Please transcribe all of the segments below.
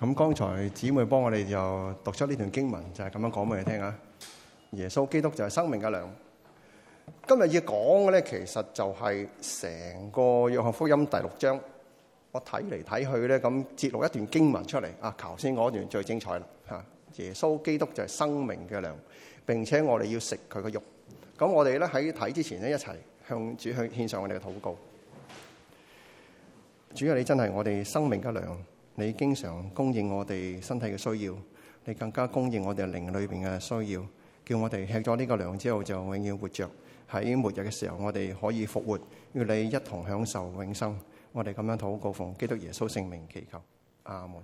咁剛才姊妹幫我哋就讀出呢段經文，就係、是、咁樣講俾你聽啊！耶穌基督就係生命嘅糧。今日要講嘅咧，其實就係成個約翰福音第六章。我睇嚟睇去咧，咁節錄一段經文出嚟。啊，頭先嗰段最精彩啦！吓，耶穌基督就係生命嘅糧，並且我哋要食佢嘅肉。咁我哋咧，喺睇之前咧，一齊向主去獻上我哋嘅禱告。主啊，你真係我哋生命嘅糧。你經常供應我哋身體嘅需要，你更加供應我哋靈裏邊嘅需要，叫我哋吃咗呢個糧之後就永遠活着。喺末日嘅時候，我哋可以復活，與你一同享受永生。我哋咁樣禱告，奉基督耶穌聖名祈求，阿門。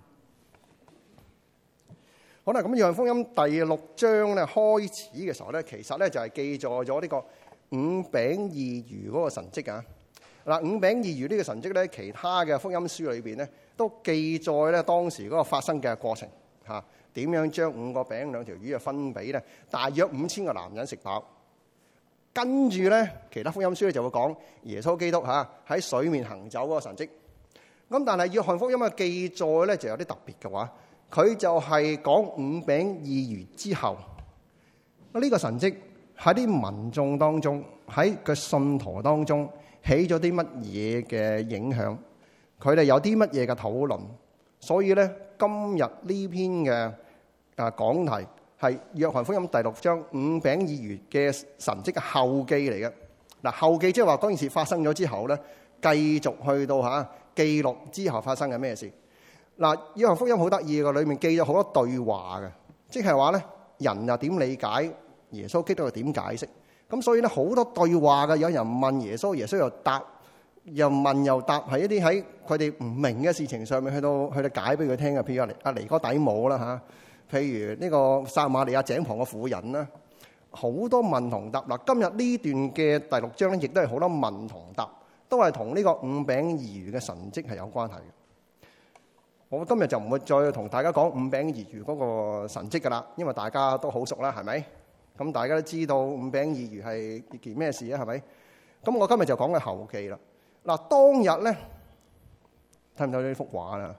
好啦，咁《約翰福音》第六章咧開始嘅時候咧，其實咧就係記載咗呢個五餅二魚嗰個神蹟啊。嗱，五餅二魚呢個神蹟咧，其他嘅福音書裏邊咧。都記載咧當時嗰個發生嘅過程，嚇點樣將五個餅兩條魚啊分俾咧？大約五千個男人食飽，跟住咧其他福音書咧就會講耶穌基督嚇喺水面行走嗰個神蹟。咁但係約翰福音嘅記載咧就有啲特別嘅話，佢就係講五餅二魚之後，呢、這個神蹟喺啲民眾當中，喺個信徒當中起咗啲乜嘢嘅影響？佢哋有啲乜嘢嘅討論，所以咧今日呢篇嘅啊講題係《約翰福音》第六章五餅二魚嘅神蹟嘅後記嚟嘅。嗱，後記即係話嗰件事發生咗之後咧，繼續去到嚇、啊、記錄之後發生嘅咩事。嗱，《約翰福音》好得意嘅，裏面記咗好多對話嘅，即係話咧人又點理解耶穌基督，又點解釋，咁所以咧好多對話嘅，有人問耶穌，耶穌又答。又問又答，係一啲喺佢哋唔明嘅事情上面去到去到解俾佢聽嘅，譬如阿尼哥底母啦吓，譬如呢個撒瑪利亞井旁嘅婦人啦，好多問同答嗱。今日呢段嘅第六章咧，亦都係好多問同答，都係同呢個五餅二魚嘅神跡係有關係嘅。我今日就唔會再同大家講五餅二魚嗰個神跡㗎啦，因為大家都好熟啦，係咪？咁大家都知道五餅二魚係件咩事啊？係咪？咁我今日就講嘅後記啦。嗱，當日咧睇唔睇到呢幅畫啊？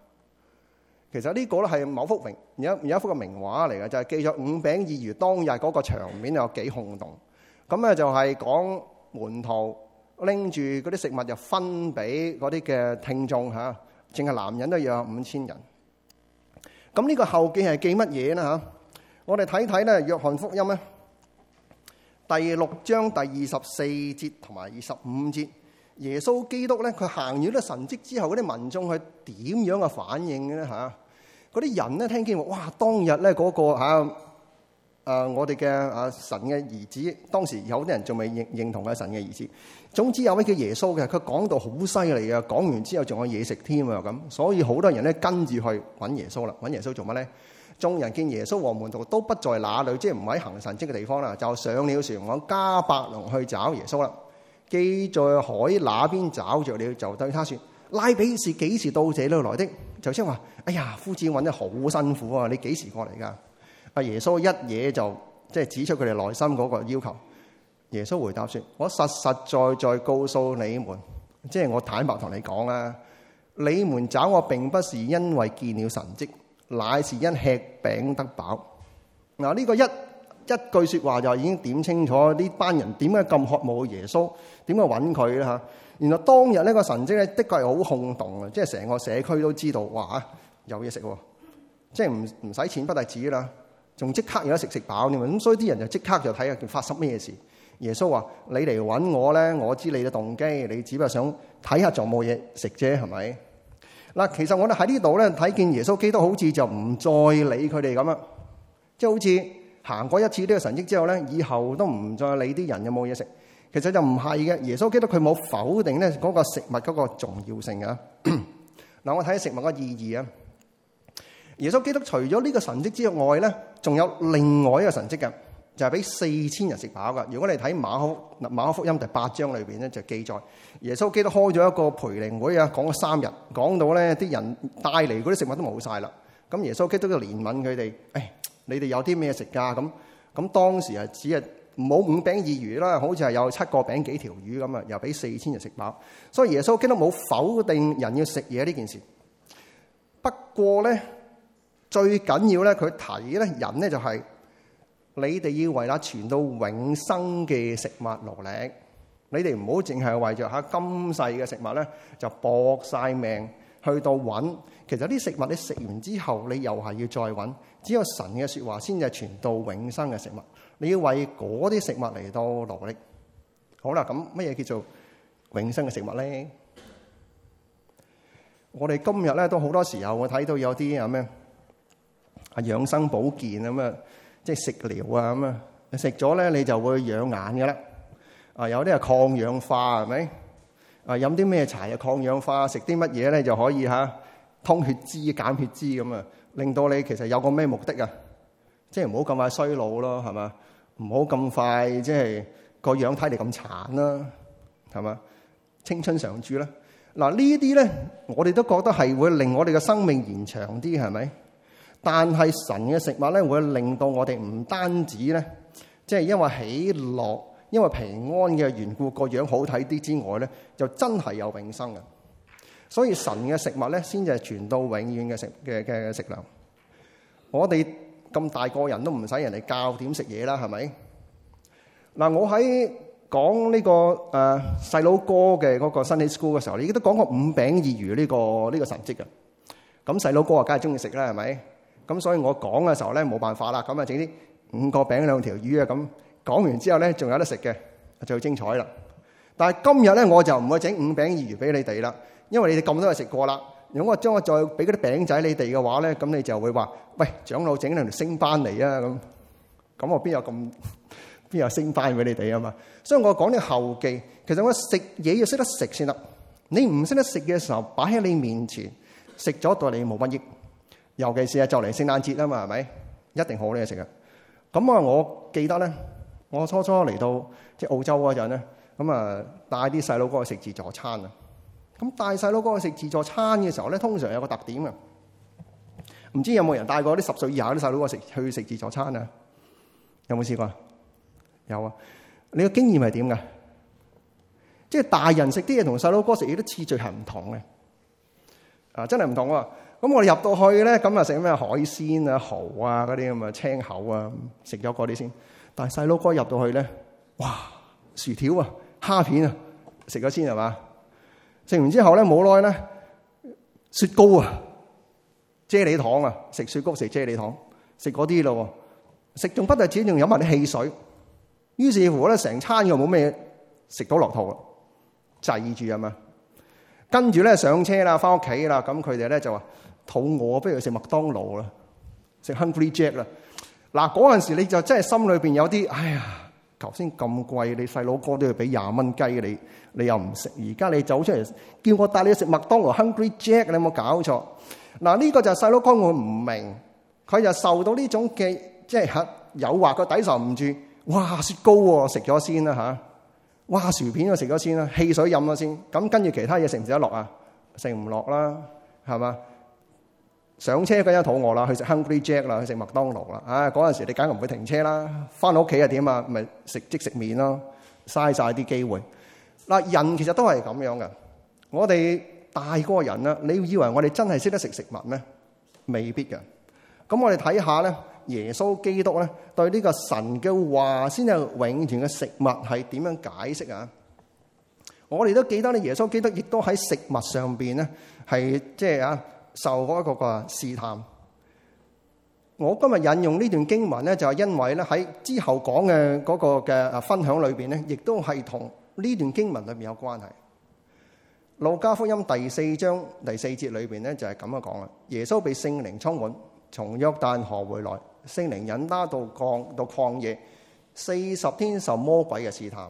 其實呢個咧係某幅名有有一幅嘅名畫嚟嘅，就係記咗五餅二魚當日嗰個場面有幾轟動。咁咧就係講門徒拎住嗰啲食物就分俾嗰啲嘅聽眾嚇，淨係男人都約有五千人。咁呢個後記係記乜嘢咧嚇？我哋睇睇咧《約翰福音》咧第六章第二十四節同埋二十五節。耶穌基督咧，佢行完咗神蹟之後，嗰啲民眾係點樣嘅反應咧？嗰啲人咧聽見話，哇！當日咧、那、嗰個嚇、啊啊啊，我哋嘅啊神嘅兒子，當時有啲人仲未認認同啊神嘅兒子。總之有咩叫耶穌嘅，佢講到好犀利嘅，講完之後仲有嘢食添啊咁，所以好多人咧跟住去揾耶穌啦，揾耶穌做乜咧？眾人見耶穌和門徒都不在那裏，即係唔喺行神蹟嘅地方啦，就上了船往迦百農去找耶穌啦。既在海那邊找着了，就對他說：拉比是幾時到這裏來的？就先話：哎呀，夫子揾得好辛苦啊！你幾時過嚟噶？阿耶穌一嘢就即係指出佢哋內心嗰個要求。耶穌回答說：我實實在在告訴你們，即係我坦白同你講啊，你們找我並不是因為見了神蹟，乃是因吃餅得飽。嗱，呢個一。一句說話就已經點清楚呢班人點解咁渴慕耶穌，點解揾佢咧嚇？然後當日呢個神跡咧，的確係好轟動嘅，即係成個社區都知道，哇！有嘢食喎，即係唔唔使錢不特止啦，仲即刻有得食食飽添啊！咁所以啲人就即刻就睇下件發生咩事。耶穌話：你嚟揾我咧，我知你嘅動機，你只不過想睇下仲冇嘢食啫，係咪？嗱，其實我哋喺呢度咧睇見耶穌基督好似就唔再理佢哋咁樣，即係好似。行過一次呢個神蹟之後咧，以後都唔再理啲人有冇嘢食。其實就唔係嘅，耶穌基督佢冇否定咧嗰個食物嗰個重要性啊。嗱， 我睇食物嘅意義啊。耶穌基督除咗呢個神蹟之外咧，仲有另外一個神蹟嘅，就係俾四千人食飽噶。如果你睇馬可馬可福音第八章裏邊咧，就記載耶穌基督開咗一個培靈會啊，講咗三日，講到咧啲人帶嚟嗰啲食物都冇晒啦。咁耶穌基督就憐憫佢哋，誒、哎。你哋有啲咩食噶？咁咁當時啊，只係冇五餅二魚啦，好似係有七個餅幾條魚咁啊，又俾四千人食飽。所以耶穌基督冇否定人要食嘢呢件事。不過咧，最緊要咧、就是，佢提咧，人咧就係你哋要為啦存到永生嘅食物勞力，你哋唔好淨係為着下今世嘅食物咧，就搏晒命。去到揾，其實啲食物你食完之後，你又係要再揾。只有神嘅說話先至傳到永生嘅食物。你要為嗰啲食物嚟到努力。好啦，咁乜嘢叫做永生嘅食物咧？我哋今日咧都好多時候，會睇到有啲啊咩啊養生保健咁啊，即係食療啊咁啊，你食咗咧你就會養眼噶啦。啊，有啲係抗氧化係咪？啊！飲啲咩茶啊？抗氧化，食啲乜嘢咧就可以嚇通血脂、減血脂咁啊！令到你其實有個咩目的啊？即係唔好咁快衰老咯，係嘛？唔好咁快即係個樣睇嚟咁殘啦，係嘛？青春常駐啦！嗱，呢啲咧我哋都覺得係會令我哋嘅生命延長啲，係咪？但係神嘅食物咧，會令到我哋唔單止咧，即係因為喜樂。因為平安嘅緣故，個樣好睇啲之外咧，就真係有永生嘅。所以神嘅食物咧，先至係傳到永遠嘅食嘅嘅食糧。我哋咁大個人都唔使人哋教點食嘢啦，係咪？嗱、這個，我喺講呢個誒細佬哥嘅嗰個 Sunday School 嘅時候，你亦都講過五餅二魚呢、這個呢、這個神蹟嘅。咁細佬哥啊，梗係中意食啦，係咪？咁所以我講嘅時候咧，冇辦法啦，咁啊整啲五個餅兩條魚啊咁。講完之後咧，仲有得食嘅，最精彩啦！但係今日咧，我就唔會整五餅二魚俾你哋啦，因為你哋咁多嘢食過啦。如果我將我再俾嗰啲餅仔你哋嘅話咧，咁你就會話：喂，長老整兩條升翻嚟啊！咁咁我邊有咁邊有升翻俾你哋啊嘛？所以我講啲後記，其實我食嘢要識得食先得。你唔識得食嘅時候擺喺你面前食咗，對你冇乜益。尤其是係就嚟聖誕節啊嘛，係咪一定好多嘢食啊？咁啊，我記得咧。我初初嚟到即係澳洲嗰陣咧，咁啊帶啲細佬哥去食自助餐啊。咁帶細佬哥去食自助餐嘅時候咧，通常有個特點啊。唔知有冇人帶過啲十歲以下啲細佬哥食去食自助餐啊？有冇試過？有啊。你個經驗係點㗎？即係大人食啲嘢同細佬哥食嘢都次序係唔同嘅。啊，真係唔同喎。咁我哋入到去咧，咁啊食咩海鮮啊、蠔啊嗰啲咁啊青口啊，食咗嗰啲先。大細佬哥入到去咧，哇薯條啊、蝦片啊，食咗先係嘛？食完之後咧，冇耐咧，雪糕啊、啫喱糖啊，食雪糕食啫喱糖，食嗰啲咯。食仲不但止，仲飲埋啲汽水。於是乎咧，成餐又冇咩嘢食到落肚，滯住啊嘛。跟住咧上車啦，翻屋企啦。咁佢哋咧就話肚餓，不如去食麥當勞啦，食 Hungry Jack 啦。嗱，嗰陣時你就真係心裏面有啲，哎呀，頭先咁貴，你細佬哥都要俾廿蚊雞你，你又唔食，而家你走出嚟叫我帶你去食麥當勞、Hungry Jack，主持人你有冇搞錯？嗱，呢個就係細佬哥我唔明，佢就受到呢種嘅即係誘惑，佢抵受唔住，哇雪糕喎食咗先啦、啊、嘩，哇薯片又食咗先啦、啊，汽水飲咗先，咁跟住其他嘢食唔食得落啊？食唔落啦，係嘛？上車嗰陣肚餓啦，去食 Hungry Jack 啦，去食麥當勞啦。唉、啊，嗰陣時你梗唔會停車啦。翻屋企又點啊？咪食即食麵咯，嘥晒啲機會。嗱，人其實都係咁樣嘅。我哋大過人啦，你以為我哋真係識得食食物咩？未必嘅。咁我哋睇下咧，耶穌基督咧對呢個神嘅話先係永遠嘅食物係點樣解釋啊？我哋都記得咧，耶穌基督亦都喺食物上邊咧係即係啊～受嗰一個嘅試探，我今日引用呢段經文呢，就係因為呢喺之後講嘅嗰個嘅分享裏邊呢，亦都係同呢段經文裏面有關係。路加福音第四章第四節裏邊呢，就係咁樣講啦。耶穌被聖靈充滿，從約旦河回來，聖靈引他到曠到曠野，四十天受魔鬼嘅試探，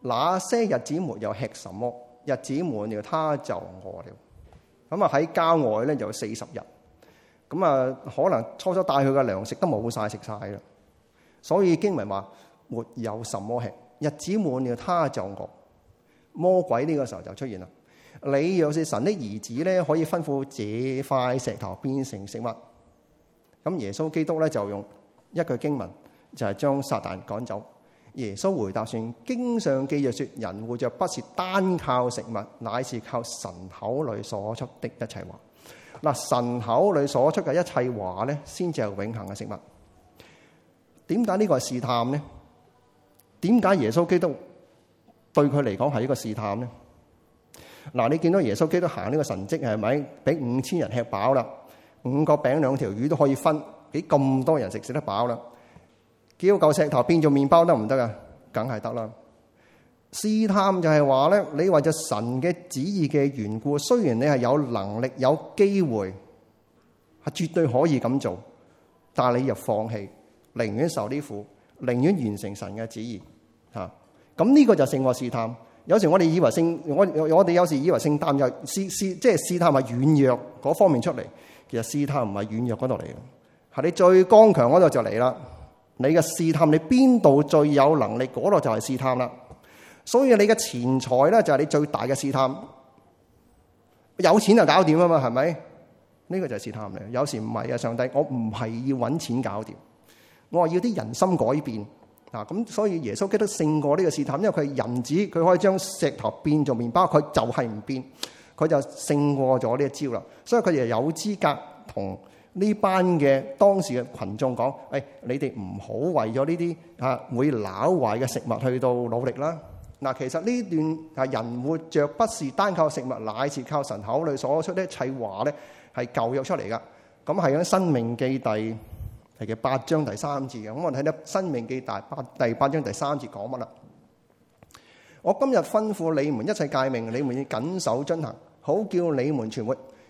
那些日子沒有吃什麼，日子滿了他就餓了。咁啊，喺郊外咧就有四十日，咁啊可能初初帶佢嘅糧食都冇曬食曬啦，所以經文話，沒有什麼吃，日子滿了他就餓。魔鬼呢個時候就出現啦，你若是神的兒子咧，可以吩咐這塊石頭變成食物。咁耶穌基督咧就用一句經文就係、是、將撒旦趕走。耶穌回答説：經上記著説，人活着不是單靠食物，乃是靠神口裏所出的一切話。嗱，神口裏所出嘅一切話咧，先至係永恆嘅食物。點解呢個係試探咧？點解耶穌基督對佢嚟講係一個試探咧？嗱，你見到耶穌基督行呢個神跡係咪？俾五千人吃飽啦，五個餅兩條魚都可以分，俾咁多人食食得飽啦。叫舊石頭變做麵包得唔得啊？梗係得啦。試探就係話咧，你為着神嘅旨意嘅緣故，雖然你係有能力、有機會，係絕對可以咁做，但係你又放棄，寧願受呢苦，寧願完成神嘅旨意吓。咁、啊、呢個就聖個試探。有時候我哋以為聖我我哋有時候以為聖誕又試試即係試探，係軟弱嗰方面出嚟。其實試探唔係軟弱嗰度嚟，係你最剛強嗰度就嚟啦。你嘅試探，你邊度最有能力？嗰度就係試探啦。所以你嘅錢財咧，就係你最大嘅試探。有錢就搞掂啊嘛，係咪？呢個就係試探嚟。有時唔係啊，上帝，我唔係要搵錢搞掂，我話要啲人心改變啊。咁所以耶穌基督勝過呢個試探，因為佢係人子，佢可以將石頭變做麵包，佢就係唔變，佢就勝過咗呢一招啦。所以佢哋有資格同。呢班嘅當時嘅群眾講：誒、哎，你哋唔好為咗呢啲嚇會撈壞嘅食物去到努力啦。嗱，其實呢段係人活着不是單靠食物，乃是靠神口裏所出的一切話咧，係舊約出嚟㗎。咁係喺《生命記第》係嘅八章第三節嘅。咁我睇咧《生命記第》八第八章第三節講乜啦？我今日吩咐你們一切誡命，你們要謹守遵行，好叫你們存活。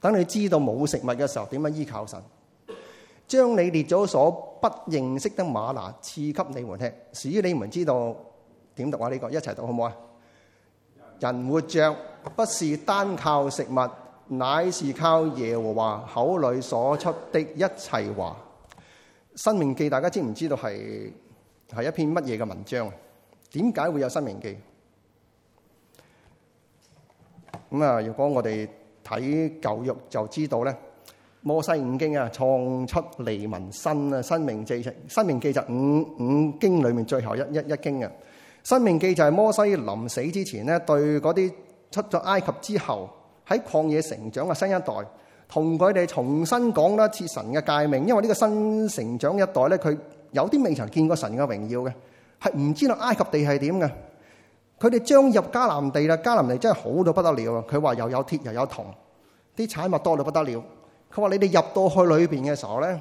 等你知道冇食物嘅時候點樣依靠神，將你列咗所不認識的馬拿賜給你們吃，使你們知道點讀啊，呢個一齊讀好唔好啊？人活着不是單靠食物，乃是靠耶和華口裏所出的一切話。申命記大家知唔知道係係一篇乜嘢嘅文章？點解會有申命記？咁啊，如果我哋。睇舊約就知道咧，摩西五經啊，創出利民申啊，申命記籍，申命記就五五經裡面最後一一一經啊，申命記就係摩西臨死之前咧，對嗰啲出咗埃及之後喺曠野成長嘅新一代，同佢哋重新講一次神嘅誡命，因為呢個新成長一代咧，佢有啲未曾見過神嘅榮耀嘅，係唔知道埃及地係點嘅。佢哋將入迦南地啦，迦南地真係好到不得了啊！佢話又有鐵又有銅，啲產物多到不得了。佢話你哋入到去裏邊嘅時候咧，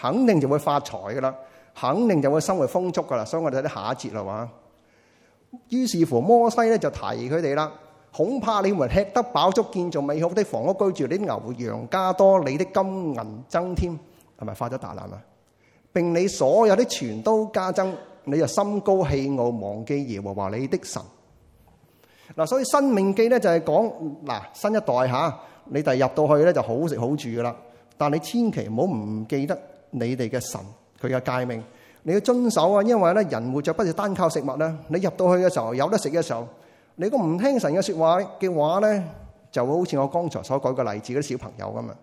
肯定就會發財噶啦，肯定就會生活豐足噶啦。所以我哋睇啲下一節啦嘛。於是乎摩西咧就提議佢哋啦，恐怕你們吃得飽足，建造美好的房屋居住，啲牛羊加多，你的金銀增添，係咪發咗大難啊？並你所有的全都加增。你就心高氣傲，忘記耶和華你的神。嗱，所以申命記咧就係講嗱新一代吓，你第入到去咧就好食好住噶啦。但你千祈唔好唔記得你哋嘅神佢嘅誡命，你要遵守啊。因為咧人活着不是單靠食物咧。你入到去嘅時候有得食嘅時候，你個唔聽神嘅說話嘅話咧，就會好似我剛才所舉嘅例子嗰啲小朋友咁啊。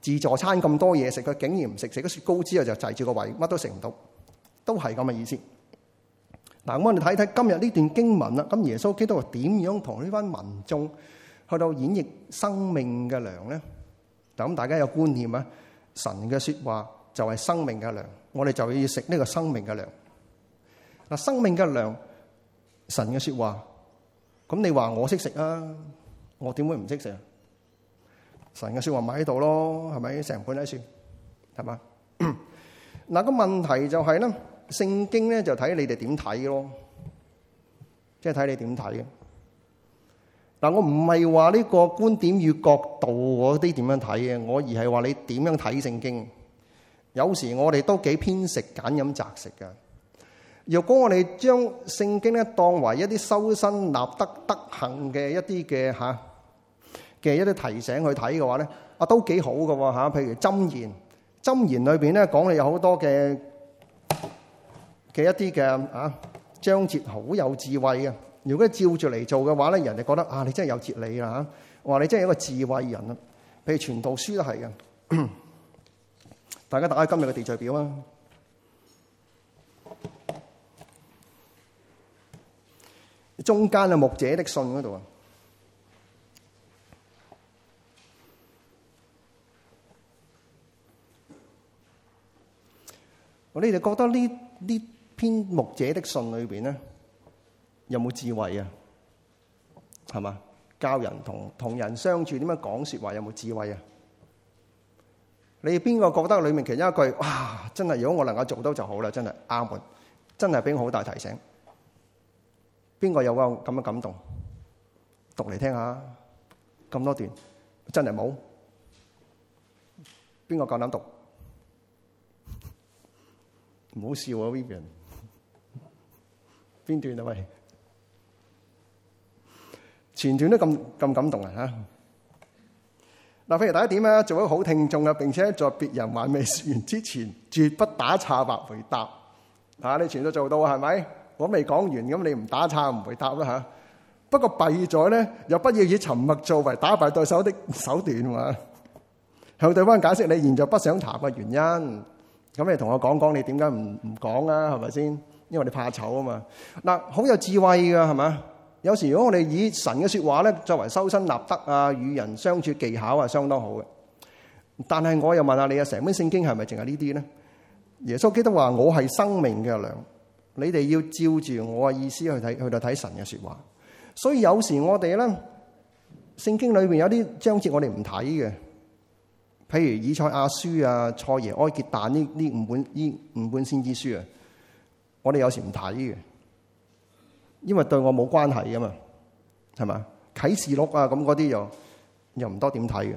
自助餐咁多嘢食，佢竟然唔食，食咗雪糕之後就滯住個胃，乜都食唔到。都係咁嘅意思。嗱，我哋睇睇今日呢段經文啦。咁耶穌基督係點樣同呢班民眾去到演繹生命嘅糧咧？嗱，咁大家有觀念啊？神嘅說話就係生命嘅糧，我哋就要食呢個生命嘅糧。嗱，生命嘅糧，神嘅說話。咁你話我識食啊？我點會唔識食啊？神嘅說話咪喺度咯，係咪成本喺處？係嘛？嗱，個問題就係咧。聖經咧就睇你哋點睇咯，即係睇你點睇嘅。嗱，我唔係話呢個觀點與角度嗰啲點樣睇嘅，我而係話你點樣睇聖經。有時我哋都幾偏食揀飲擇食噶。若果我哋將聖經咧當為一啲修身立德德行嘅一啲嘅吓嘅一啲提醒去睇嘅話咧，啊都幾好噶吓。譬如箴言，箴言裏邊咧講嘅有好多嘅。嘅一啲嘅啊章節好有智慧嘅，如果照住嚟做嘅話咧，人哋覺得啊，你真係有哲理啊！哇，你真係一個智慧人啊！譬如傳道書都係嘅，大家打開今日嘅地序表啊，中間啊牧者的信嗰度啊，我哋就覺得呢呢。篇牧者的信裏邊咧，有冇智慧啊？係嘛，教人同同人相處，點樣講說話有冇智慧啊？你邊個覺得裏面其中一句哇，真係如果我能夠做到就好啦，真係啱門，真係俾我好大提醒。邊個有個咁嘅感動？讀嚟聽下，咁多段真係冇。邊個夠膽讀？唔好笑啊 Vivian 邊段啊？喂，前段都咁咁感動啊！嚇，嗱，譬如第一點啊，做一個好聽眾啊，並且在別人還未説完之前，絕不打岔或回答。啊，你全都做到係咪？我未講完，咁你唔打岔唔回答啦嚇。不過第二咗咧，又不要以沉默作為打敗對手的手段喎。向對方解釋你現在不想談嘅原因，咁你同我講講你點解唔唔講啊？係咪先？因為你怕醜啊嘛，嗱，好有智慧噶係嘛？有時如果我哋以神嘅說話咧，作為修身立德啊、與人相處技巧啊，相當好嘅。但係我又問下你啊，成本聖經係咪淨係呢啲咧？耶穌基督話：我係生命嘅糧，你哋要照住我嘅意思去睇，去到睇神嘅說話。所以有時我哋咧，聖經裏面有啲章節我哋唔睇嘅，譬如以賽亞書啊、賽耶、哀結、但呢呢五本呢五本先知書啊。我哋有時唔睇嘅，因為對我冇關係啊嘛，係嘛？啟示錄啊，咁嗰啲又又唔多點睇嘅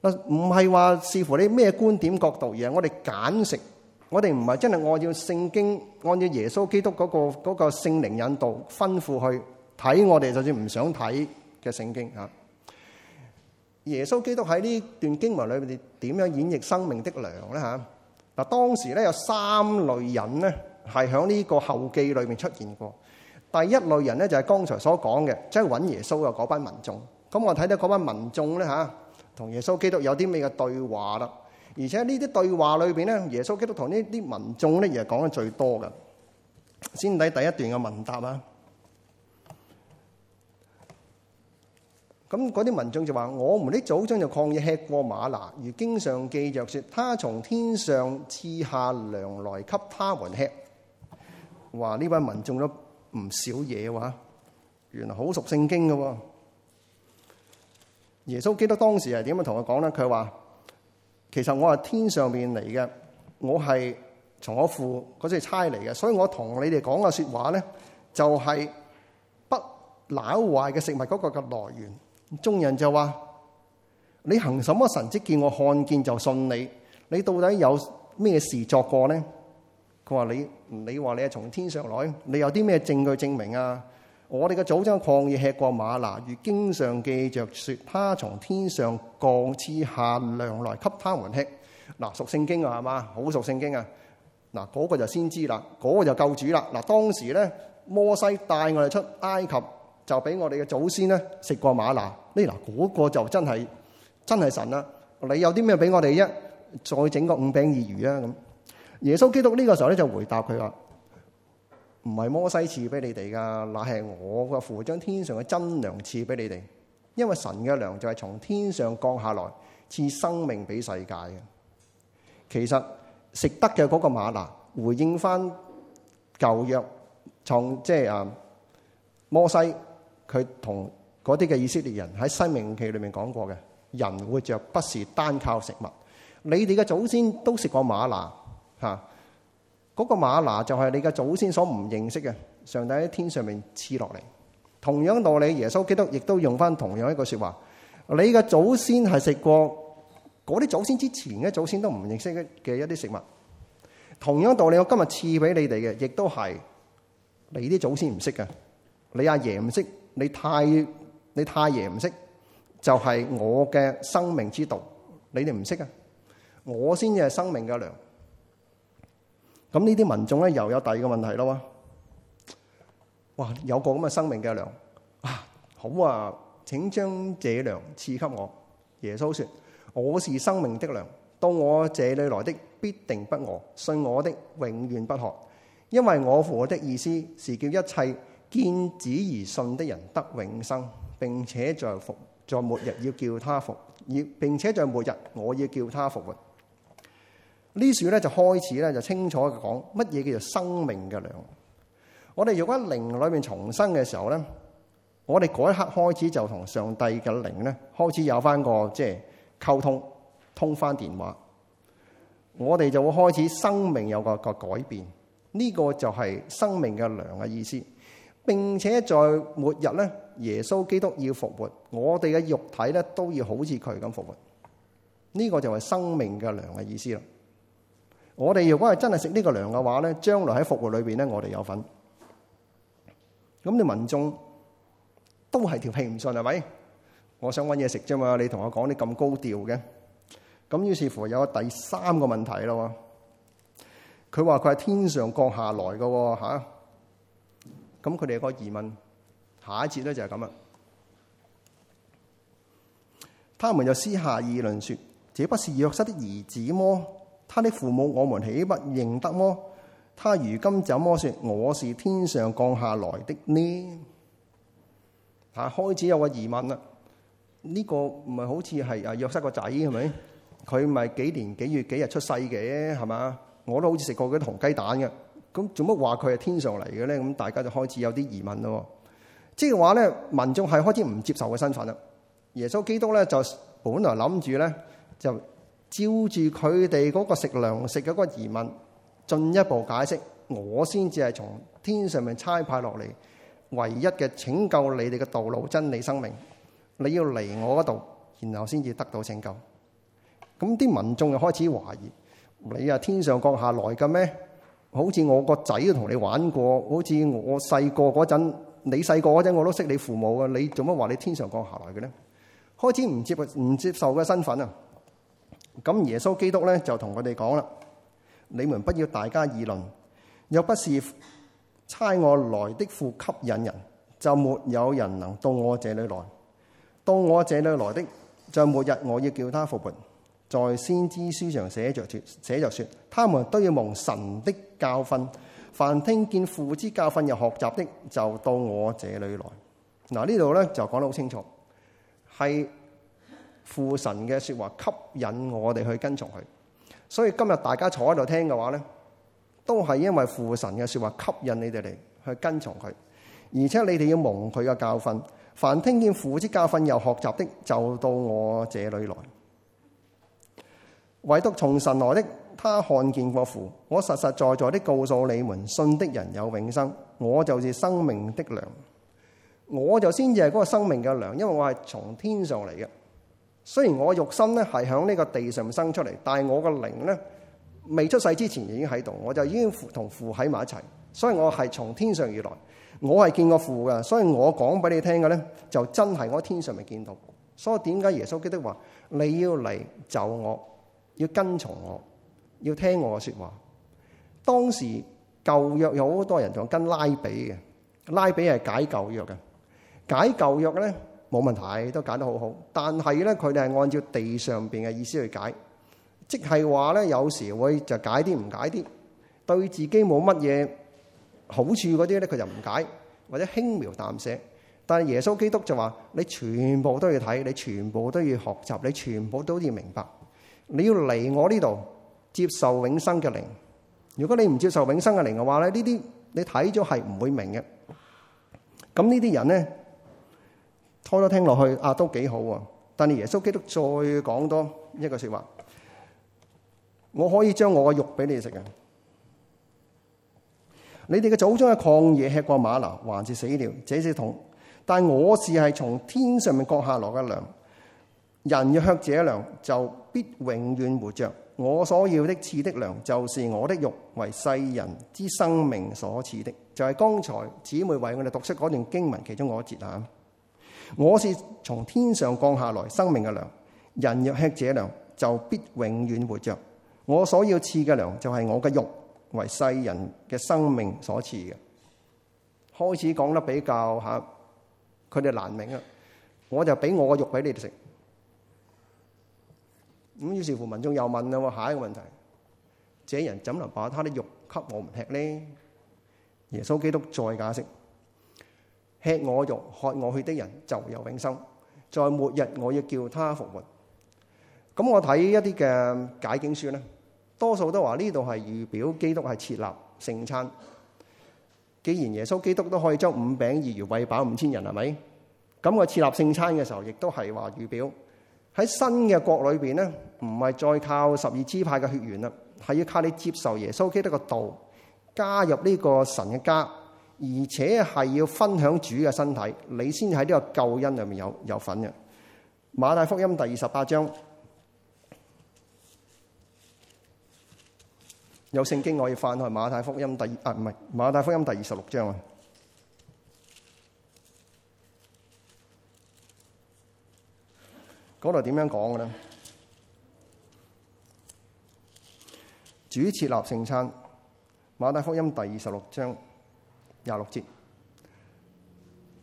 嗱，唔係話視乎你咩觀點角度而係，我哋揀食，我哋唔係真係按照聖經，按照耶穌基督嗰個嗰個聖靈引導吩咐去睇。我哋就算唔想睇嘅聖經，耶穌基督喺呢段經文裏面點樣演繹生命的糧咧？嚇嗱，當時咧有三類人咧。係喺呢個後記裏面出現過。第一類人呢，就係剛才所講嘅，即係揾耶穌嘅嗰班民眾。咁我睇到嗰班民眾呢，嚇，同耶穌基督有啲咩嘅對話啦。而且呢啲對話裏邊呢，耶穌基督同呢啲民眾呢，亦係講得最多嘅。先睇第一段嘅問答啦。咁嗰啲民眾就話：我們的祖宗就曠野吃過嗎哪，而經上記着說，他從天上賜下糧來給他們吃。.話呢位民眾都唔少嘢話。原來好熟聖經嘅。耶穌記得當時係點樣同佢講咧？佢話：其實我係天上面嚟嘅，我係從我父嗰只差嚟嘅，所以我同你哋講嘅說話咧，就係不攋壞嘅食物嗰個嘅來源。眾人就話：你行什麼神迹？見我看見就信你，你到底有咩事作過呢？佢話：你你話你係從天上來，你有啲咩證據證明啊？我哋嘅祖宗曠野吃過馬拿，如經上記着説，他從天上降次下糧來給他們吃。嗱，屬聖經啊，係嘛？好屬聖經啊！嗱，嗰個就先知啦，嗰、那個就救主啦。嗱，當時咧，摩西帶我哋出埃及，就俾我哋嘅祖先咧食過馬拿。呢嗱，嗰個就真係真係神啦、啊！你有啲咩俾我哋呀？再整個五餅二魚啊咁。耶穌基督呢個時候咧，就回答佢話：唔係摩西賜俾你哋㗎，乃係我嘅父將天上嘅真糧賜俾你哋。因為神嘅糧就係從天上降下來，賜生命俾世界嘅。其實食得嘅嗰個馬拿，回應返舊約從，即係啊摩西佢同嗰啲嘅以色列人喺申命記裏面講過嘅，人活着不是單靠食物。你哋嘅祖先都食過馬拿。嗰、那個馬哪就係你嘅祖先所唔認識嘅，上帝喺天上面賜落嚟。同樣道理，耶穌基督亦都用翻同樣一句說話：你嘅祖先係食過嗰啲祖先之前嘅祖先都唔認識嘅一啲食物。同樣道理，我今日賜俾你哋嘅，亦都係你啲祖先唔識嘅，你阿爺唔識，你太你太爺唔識，就係、是、我嘅生命之道。你哋唔識啊！我先至係生命嘅糧。咁呢啲民眾咧，又有第二個問題咯喎！哇，有個咁嘅生命嘅糧啊，好啊！請將這糧賜給我。耶穌說：我是生命的糧，到我這裏來的必定不餓，信我的永遠不渴。因為我父，我的意思是叫一切見子而信的人得永生。並且在復在末日要叫他復，要並且在末日我要叫他復活。呢樹咧就開始咧就清楚講乜嘢叫做生命嘅糧。我哋如果喺靈裏面重生嘅時候咧，我哋嗰一刻開始就同上帝嘅靈咧開始有返個即係溝通，通返電話。我哋就會開始生命有個個改變。呢個就係生命嘅糧嘅意思。並且在末日咧，耶穌基督要復活，我哋嘅肉體咧都要好似佢咁復活。呢個就係生命嘅糧嘅意思啦。我哋如果係真係食呢個糧嘅話咧，將來喺復活裏面咧，我哋有份。咁你民眾都係條屁唔順係咪？我想搵嘢食啫嘛，你同我講你咁高調嘅。咁於是乎有第三個問題啦。佢話佢係天上降下來嘅吓？咁佢哋有個疑問，下一節咧就係咁啊。他們又私下議論說：「這不是約瑟的兒子麼？」他的父母，我們豈不認得麼？他如今怎麼說我是天上降下來的呢？嚇，開始有個疑問啦。呢個唔係好似係啊，約瑟個仔係咪？佢唔係幾年幾月幾日出世嘅係嘛？我都好似食過嗰啲紅雞蛋嘅。咁做乜話佢係天上嚟嘅咧？咁大家就開始有啲疑問啦。即係話咧，民眾係開始唔接受個身份啦。耶穌基督咧就本來諗住咧就。照住佢哋嗰個食糧食嘅個疑問，進一步解釋，我先至係從天上面差派落嚟，唯一嘅拯救你哋嘅道路、真理、生命。你要嚟我嗰度，然後先至得到拯救。咁啲民眾又開始懷疑：你啊，天上降下來嘅咩？好似我個仔都同你玩過，好似我細個嗰陣，你細個嗰陣我都識你父母啊！你做乜話你天上降下來嘅呢？開始唔接唔接受嘅身份啊！咁耶穌基督咧就同佢哋講啦：你們不要大家議論，若不是差我來的父吸引人，就沒有人能到我這裡來。到我這裡來的，在末日我要叫他復活。」在先知書上寫著說，寫着說，他們都要蒙神的教訓。凡聽見父之教訓又學習的，就到我這裡來。嗱，呢度咧就講得好清楚，係。父神嘅說話吸引我哋去跟從佢，所以今日大家坐喺度聽嘅話呢，都係因為父神嘅說話吸引你哋嚟去跟從佢，而且你哋要蒙佢嘅教訓。凡聽見父之教訓又學習的，就到我這裡來。唯獨從神來的，他看見過父。我實實在在的告訴你們，信的人有永生。我就是生命的糧，我就先至係嗰個生命嘅糧，因為我係從天上嚟嘅。雖然我肉身咧係喺呢個地上生出嚟，但係我個靈咧未出世之前已經喺度，我就已經同父喺埋一齊，所以我係從天上而來。我係見過父嘅，所以我講俾你聽嘅咧就真係我天上面見到。所以點解耶穌基督話你要嚟就我，要跟從我，要聽我嘅説話？當時舊約有好多人仲跟拉比嘅，拉比係解舊約嘅，解舊約咧。冇問題，都解得好好。但係呢，佢哋係按照地上邊嘅意思去解，即係話呢，有時會就解啲唔解啲，對自己冇乜嘢好處嗰啲呢，佢就唔解或者輕描淡寫。但係耶穌基督就話：你全部都要睇，你全部都要學習，你全部都要明白。你要嚟我呢度接受永生嘅靈。如果你唔接受永生嘅靈嘅話呢，呢啲你睇咗係唔會明嘅。咁呢啲人呢。初初聽落去啊，都幾好啊！但係耶穌基督再講多一個說話，我可以將我嘅肉俾你食嘅。你哋嘅祖宗係曠野吃過嗎哪，還是死了，這些痛。但我是係從天上面降下落嘅糧，人要吃這糧，就必永遠活着。我所要的賜的糧，就是我的肉，為世人之生命所賜的。就係、是、剛才姊妹為我哋讀出嗰段經文，其中嗰一節啊。我是從天上降下來生命嘅糧，人若吃這糧就必永遠活着。我所要賜嘅糧就係、是、我嘅肉，為世人嘅生命所賜嘅。開始講得比較吓，佢哋難明啦。我就俾我嘅肉俾你哋食。咁於是乎，民眾又問啦：下一個問題，這人怎能把他的肉給我們吃呢？耶穌基督再解釋。吃我肉、喝我血的人就有永生。在末日，我要叫他復活。咁我睇一啲嘅解經書呢，多數都話呢度係預表基督係設立聖餐。既然耶穌基督都可以將五餅二魚餵飽五千人，係咪？咁我設立聖餐嘅時候，亦都係話預表喺新嘅國裏邊呢，唔係再靠十二支派嘅血緣啦，係要靠你接受耶穌基督嘅道，加入呢個神嘅家。而且係要分享主嘅身體，你先喺呢個救恩裏面有有份嘅。馬太福音第二十八章，有聖經我要翻去。馬太福音第，啊唔係馬太福音第二十六章啊，嗰度點樣講嘅咧？主設立聖餐。馬太福音第二十六章。廿六節，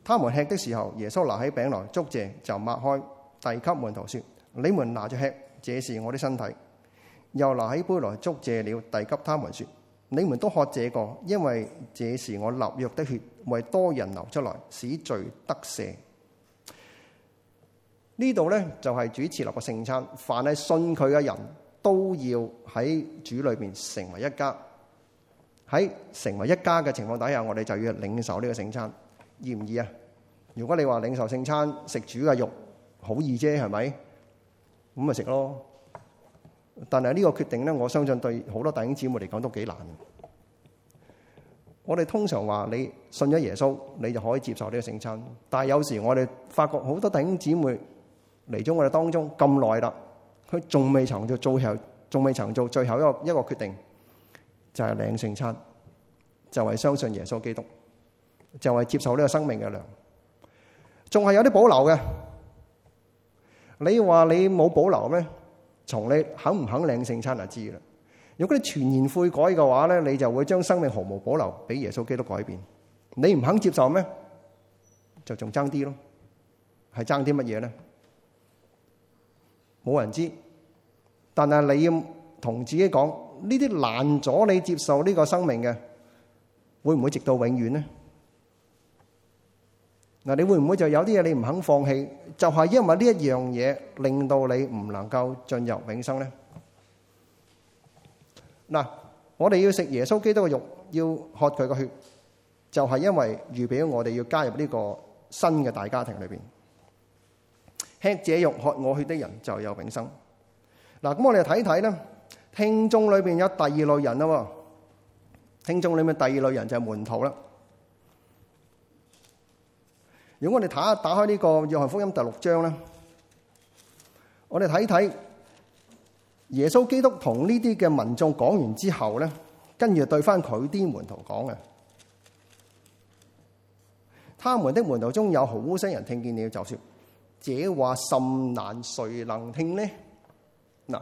他們吃的時候，耶穌拿起餅來，祝謝就擘開，遞給門徒說：你們拿著吃，這是我的身體。又拿起杯來，祝謝了，遞給他們說：你們都喝這個，因為這是我立約的血，為多人流出來，使罪得赦。呢度呢，就係、是、主設立嘅聖餐，凡係信佢嘅人都要喺主裏面成為一家。喺成為一家嘅情況底下，我哋就要領受呢個聖餐，易唔易啊？如果你話領受聖餐食主嘅肉很，好易啫，係咪？咁咪食咯。但係呢個決定咧，我相信對好多弟兄姊妹嚟講都幾難。我哋通常話你信咗耶穌，你就可以接受呢個聖餐。但係有時我哋發覺好多弟兄姊妹嚟咗我哋當中咁耐啦，佢仲未曾做最後，仲未曾做最後一個一個決定。就係領聖餐，就係相信耶穌基督，就係接受呢個生命嘅糧。仲係有啲保留嘅。你話你冇保留咩？從你肯唔肯領聖餐就知啦。如果你全然悔改嘅話咧，你就會將生命毫無保留俾耶穌基督改變。你唔肯接受咩？就仲爭啲咯。係爭啲乜嘢咧？冇人知。但係你要同自己講。呢啲難阻你接受呢個生命嘅，會唔會直到永遠咧？嗱，你會唔會就有啲嘢你唔肯放棄？就係因為呢一樣嘢令到你唔能夠進入永生咧？嗱，我哋要食耶穌基督嘅肉，要喝佢嘅血，就係因為預備咗我哋要加入呢個新嘅大家庭裏邊。吃這肉喝我血的人就有永生。嗱，咁我哋睇睇咧。聽眾裏邊有第二類人咯喎，聽眾裏面第二類人就係門徒啦。如果我哋打打開呢、這個《約翰福音》第六章咧，我哋睇睇耶穌基督同呢啲嘅民眾講完之後咧，跟住對返佢啲門徒講嘅，他們的門徒中有好些人聽見了，就説：這話甚難，誰能聽呢？嗱。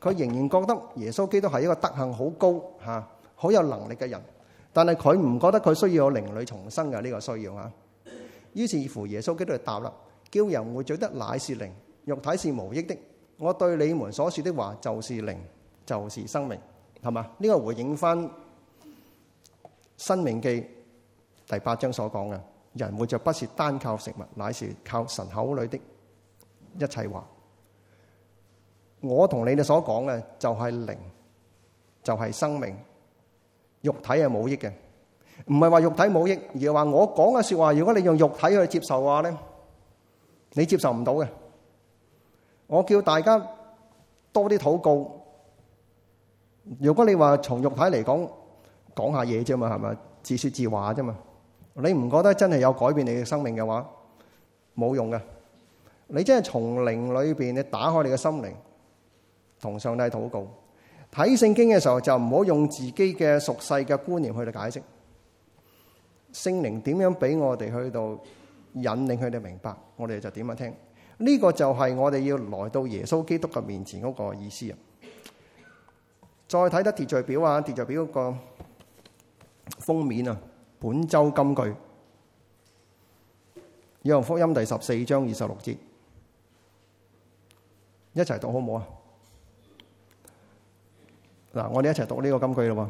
佢仍然覺得耶穌基督係一個德行好高嚇、好有能力嘅人，但係佢唔覺得佢需要有靈裡重生嘅呢、這個需要，於是乎，耶穌基督就答啦：叫人會覺得乃是靈，肉體是無益的。我對你們所說的話就是靈，就是生命，係嘛？呢、這個回應翻《申命記》第八章所講嘅：人活着不是單靠食物，乃是靠神口裏的一切話。我同你哋所講嘅就係靈，就係生命。肉體係冇益嘅，唔係話肉體冇益，而係話我講嘅説話，如果你用肉體去接受嘅話咧，你接受唔到嘅。我叫大家多啲禱告。如果你話從肉體嚟講講下嘢啫嘛，係咪自説自話啫嘛？你唔覺得真係有改變你嘅生命嘅話，冇用嘅。你真係從靈裏邊你打開你嘅心靈。同上帝禱告，睇聖經嘅時候就唔好用自己嘅熟悉嘅觀念去解釋。聖靈點樣俾我哋去到引領佢哋明白，我哋就點樣聽。呢個就係我哋要來到耶穌基督嘅面前嗰個意思啊！再睇得秩序表啊，秩序表嗰個封面啊，本周金句，約翰福音第十四章二十六節，一齊讀好唔好啊？嗱，我哋一齊讀呢個金句咯。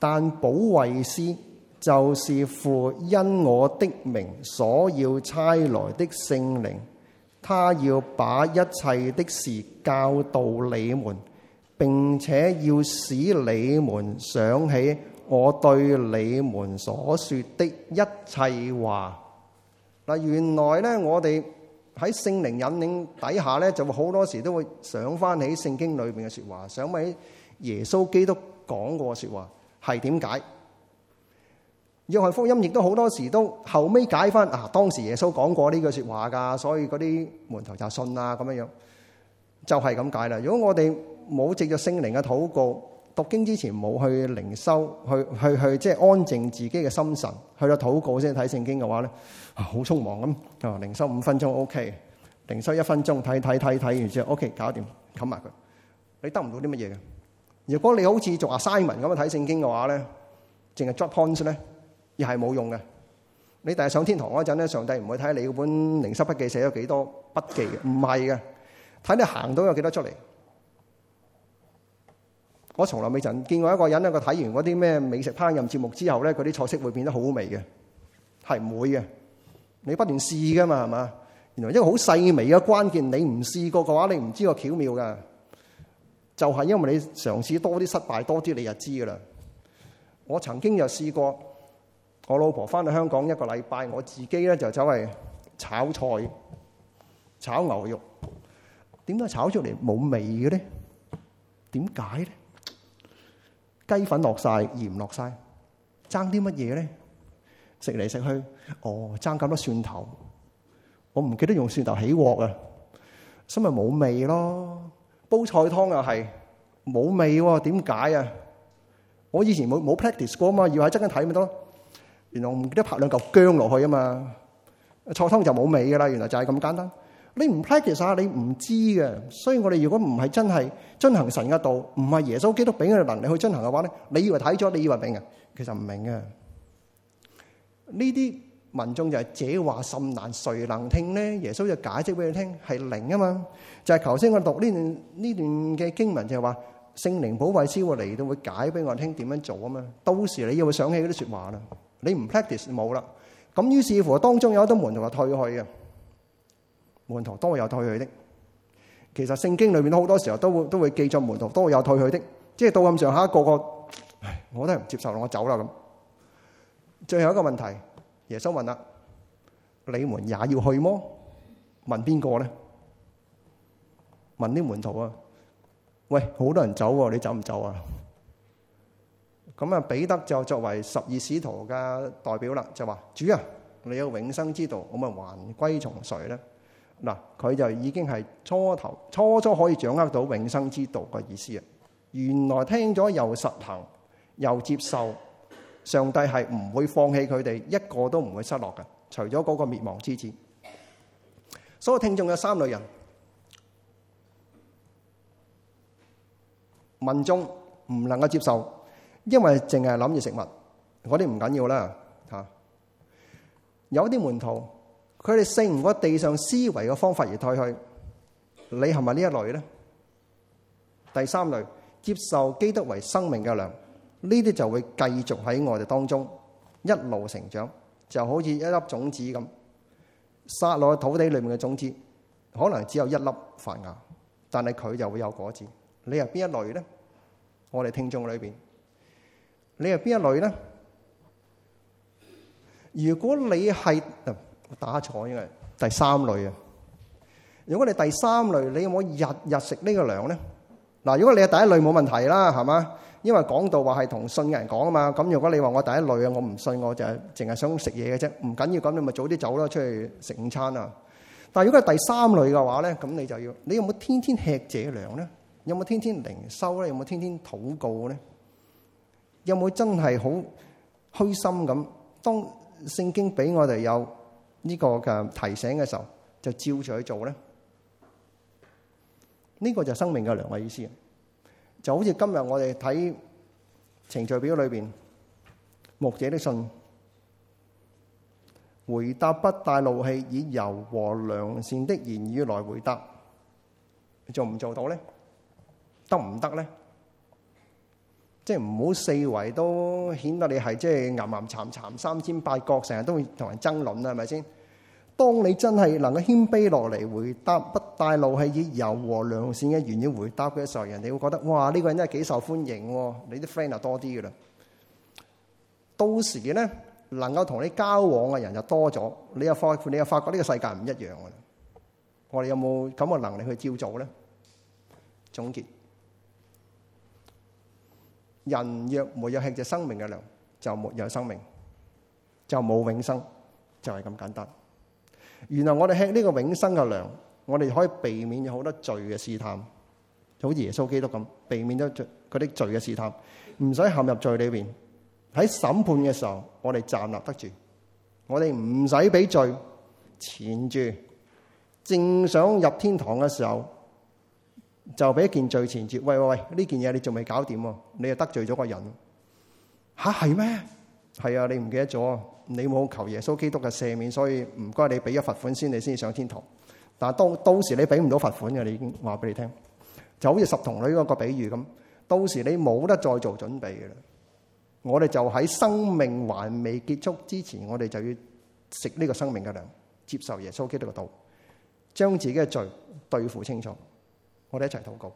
但保惠師就是父因我的名所要差來的聖靈，他要把一切的事教導你們，並且要使你們想起我對你們所說的一切話。嗱，原來咧，我哋。喺聖靈引領底下咧，就會好多時都會想翻起聖經裏邊嘅説話，想起耶穌基督講過嘅説話係點解？約翰福音亦都好多時都後尾解翻啊，當時耶穌講過呢句説話㗎，所以嗰啲門徒就信啊，咁樣樣，就係咁解啦。如果我哋冇藉著聖靈嘅禱告，讀經之前冇去靈修，去去去即係安靜自己嘅心神，去到禱告先睇聖經嘅話咧，好匆忙咁，啊靈修五分鐘 OK，靈修一分鐘睇睇睇睇完之後 O K 搞掂，冚埋佢，你得唔到啲乜嘢嘅？如果你好似做 assignment 咁樣睇聖經嘅話咧，淨係 drop points 咧，而係冇用嘅。你第日上天堂嗰陣咧，上帝唔會睇你嗰本靈修筆記寫咗幾多筆記嘅，唔係嘅，睇你行到有幾多出嚟。我從來未曾見過一個人咧，佢睇完嗰啲咩美食烹飪節目之後咧，嗰啲菜式會變得好好味嘅，係唔會嘅。你不斷試噶嘛，係嘛？原來一個好細微嘅關鍵，你唔試過嘅話，你唔知個巧妙㗎。就係、是、因為你嘗試多啲失敗多啲，你就知噶啦。我曾經就試過，我老婆翻到香港一個禮拜，我自己咧就走嚟炒菜、炒牛肉，點解炒出嚟冇味嘅咧？點解咧？雞粉落晒，鹽落晒，爭啲乜嘢咧？食嚟食去，哦，爭咁多蒜頭，我唔記得用蒜頭起鑊啊，所以咪冇味咯。煲菜湯又係冇味喎，點解啊？我以前冇冇 practice 過啊嘛，要喺側間睇咪得咯。原來我唔記得拍兩嚿薑落去啊嘛，菜湯就冇味噶啦。原來就係咁簡單。你唔 practice 啊，你唔知嘅。所以我哋如果唔係真係遵行神嘅道，唔係耶穌基督俾佢嘅能力去遵行嘅話咧，你以為睇咗你以為明啊，其實唔明嘅。呢啲民眾就係這話甚難，誰能聽咧？耶穌就解釋俾你聽，係靈啊嘛，就係頭先我讀呢段呢段嘅經文就係話聖靈保惠師會嚟到會解俾我聽點樣做啊嘛。到時你又會想起嗰啲説話啦。你唔 practice 冇啦。咁於是乎當中有一堆門就話退去嘅。門徒都會有退去的，其實聖經裏面好多時候都會都會記載門徒都會有退去的，即係到咁上下個個，唉，我都係唔接受啦，我走啦咁。最後一個問題，耶穌問啦：你們也要去麼？問邊個咧？問啲門徒啊？喂，好多人走喎，啊，你走唔走啊？咁啊，彼得就作為十二使徒嘅代表啦，就話，主啊，你有永生之道，我咪還歸從誰咧？嗱，佢就已經係初頭，初初可以掌握到永生之道嘅意思啊！原來聽咗又實行，又接受上帝係唔會放棄佢哋，一個都唔會失落嘅，除咗嗰個滅亡之子。所以聽眾有三類人：民眾唔能夠接受，因為淨係諗住食物，嗰啲唔緊要啦吓。有啲門徒。佢哋勝唔過地上思維嘅方法而退去，你係咪呢一類呢？第三類接受基督為生命嘅糧，呢啲就會繼續喺我哋當中一路成長，就好似一粒種子咁撒落喺土地裡面嘅種子，可能只有一粒發芽，但係佢就會有果子。你係邊一類呢？我哋聽眾裏邊，你係邊一類呢？如果你係。打坐應該係第三類啊！如果你第三類，你有冇日日食呢個糧咧？嗱，如果你係第一類冇問題啦，係嘛？因為講到話係同信嘅人講啊嘛。咁如果你話我第一類啊，我唔信，我就係淨係想食嘢嘅啫，唔緊要。咁你咪早啲走咯，出去食午餐啊！但係如果係第三類嘅話咧，咁你就要，你有冇天天吃這糧咧？有冇天天靈修咧？有冇天天禱告咧？有冇真係好虛心咁？當聖經俾我哋有。呢、這個嘅提醒嘅時候，就照住去做咧。呢、這個就是生命嘅糧嘅意思，就好似今日我哋睇程序表裏邊，牧者的信，回答不帶怒氣，以柔和良善的言語來回答。做唔做到咧？得唔得咧？即係唔好四圍都顯得你係即係岩岩巉巉、三尖八角，成日都會同人爭論啊，係咪先？當你真係能夠謙卑落嚟回答，不帶怒氣，以柔和良善嘅言語回答嘅時候，人哋會覺得哇，呢個人真係幾受歡迎喎，你啲 friend 又多啲噶啦。到時咧，能夠同你交往嘅人又多咗，你又發你又發覺呢個世界唔一樣嘅。我哋有冇咁嘅能力去照做咧？總結，人若沒有吃著生命嘅糧，就沒有生命，就冇永生，就係咁簡單。原來我哋吃呢個永生嘅糧，我哋可以避免有好多罪嘅試探，就好似耶穌基督咁，避免咗罪嗰啲罪嘅試探，唔使陷入罪裏邊。喺審判嘅時候，我哋站立得住，我哋唔使俾罪纏住。正想入天堂嘅時候，就俾一件罪纏住。喂喂喂，呢件嘢你仲未搞掂喎。啊，你又得罪咗個人。吓？係咩？係啊，你唔記得咗啊。你冇求耶穌基督嘅赦免，所以唔該你俾咗罰款先，你先上天堂。但係到到時你俾唔到罰款嘅，你已經話俾你聽，就好似十童女嗰個比喻咁。到時你冇得再做準備嘅啦。我哋就喺生命還未結束之前，我哋就要食呢個生命嘅糧，接受耶穌基督嘅道，將自己嘅罪對付清楚。我哋一齊禱告，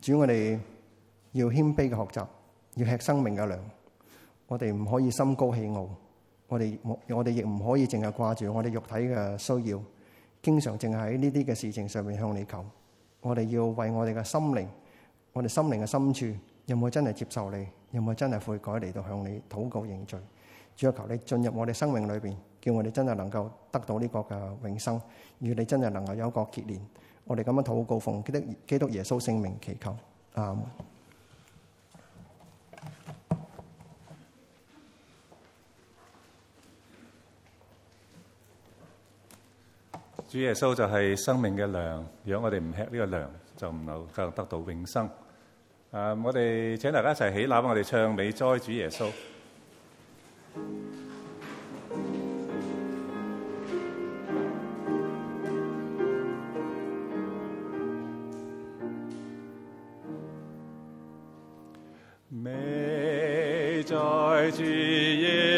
主要我哋要謙卑嘅學習。要吃生命嘅糧，我哋唔可以心高氣傲，我哋我我哋亦唔可以淨係掛住我哋肉體嘅需要，經常淨係喺呢啲嘅事情上面向你求。我哋要為我哋嘅心靈，我哋心靈嘅深處有冇真係接受你？有冇真係悔改嚟到向你禱告認罪？只係求你進入我哋生命裏邊，叫我哋真係能夠得到呢個嘅永生。與你真係能夠有一個結連，我哋咁樣禱告，奉基督基督耶穌聖名祈求，阿門。主耶穌就係生命嘅糧，如果我哋唔吃呢個糧，就唔能夠得到永生。誒，我哋請大家一齊起立，我哋唱《美哉主耶穌》。美哉主耶穌！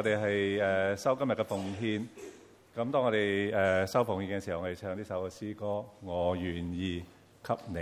我哋係誒收今日嘅奉獻，咁當我哋誒收奉獻嘅時候，我哋唱呢首嘅詩歌《我願意給你》。